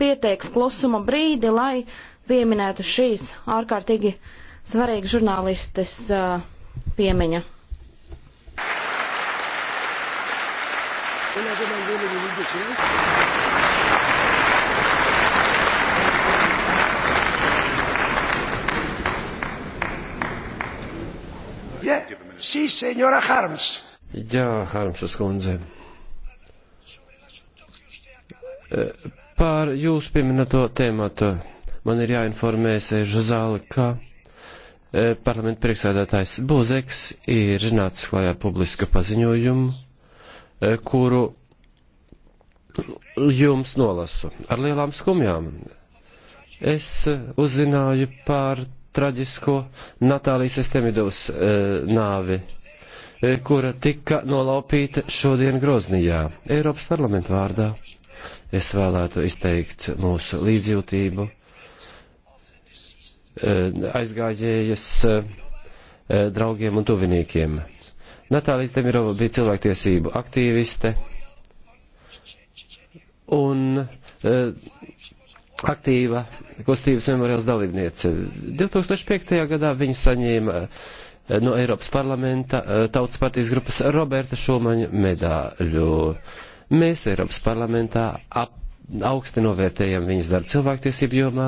pieteiktu klusuma brīdi, lai pieminētu šīs ārkārtīgi svarīgas žurnālistes uh, piemiņa. Yeah. Sí, señora Harms. Jā, Harmsas kundze Par jūsu pieminēto tēmatu man ir jāinformē sēžu zāli, ka e, parlamenta priekšsēdētājs Buzeks ir nācis klājā ar publisku paziņojumu, e, kuru jums nolasu ar lielām skumjām. Es uzzināju par traģisko Natālijas Estemidovas e, nāvi, e, kura tika nolaupīta šodien Groznijā, Eiropas parlamentu vārdā. Es vēlētu izteikt mūsu līdzjūtību e, aizgājējas e, e, draugiem un tuviniekiem. Natālija Demirova bija cilvēktiesību aktīviste un aktīva kustības memoriāls dalībniece. 2005. gadā viņa saņēma no Eiropas parlamenta tautas partijas grupas Roberta Šumaņa medāļu. Mēs Eiropas parlamentā ap augsti novērtējam viņas darbu cilvēktiesību jomā,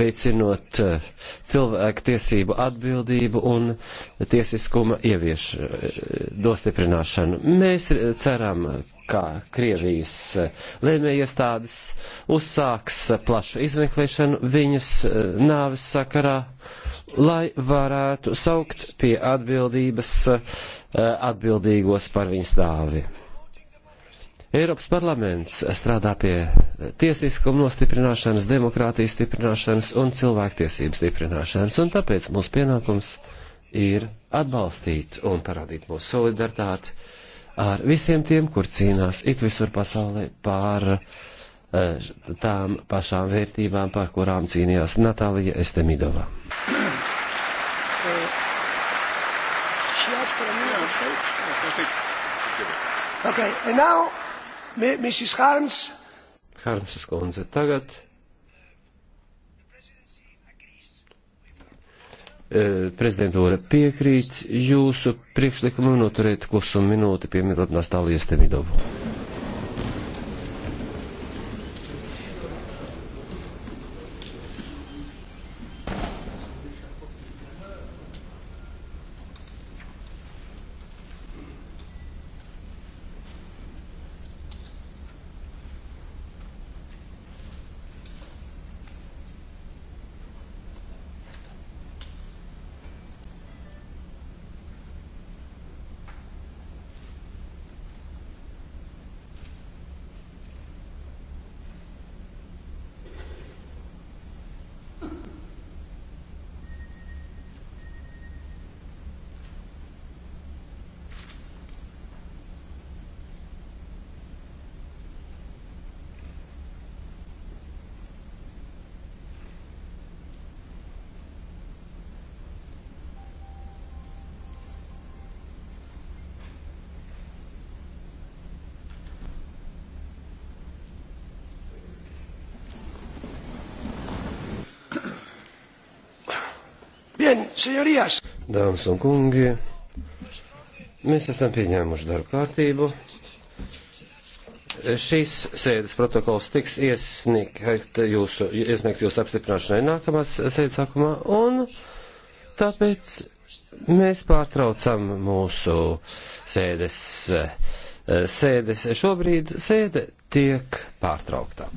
veicinot eh, cilvēku tiesību atbildību un tiesiskuma ievieš eh, dostiprināšanu. Mēs eh, ceram, ka Krievijas lēmējiestādes uzsāks plašu izmeklēšanu viņas nāves sakarā, lai varētu saukt pie atbildības atbildīgos par viņas nāvi. Eiropas parlaments strādā pie tiesiskuma nostiprināšanas, demokrātijas stiprināšanas un cilvēktiesības stiprināšanas, un tāpēc mūsu pienākums ir atbalstīt un parādīt mūsu solidaritāti ar visiem tiem, kur cīnās it visur pasaulē pār eh, tām pašām vērtībām, par kurām cīnījās Natālija Estemidovā. Okay, and now Mrs. Harms. Harmsas kundze tagad. E, prezidentūra piekrīt jūsu priekšlikumu noturēt klusumu minūti pieminot Nastālu Iestemidovu. Bien, señorías. Dāmas un kungi, mēs esam pieņēmuši darbu kārtību. Šīs sēdes protokols tiks iesniegt jūsu, iesniegt jūsu apstiprināšanai nākamās sēdes sākumā, un tāpēc mēs pārtraucam mūsu sēdes, sēdes. Šobrīd sēde tiek pārtraukta.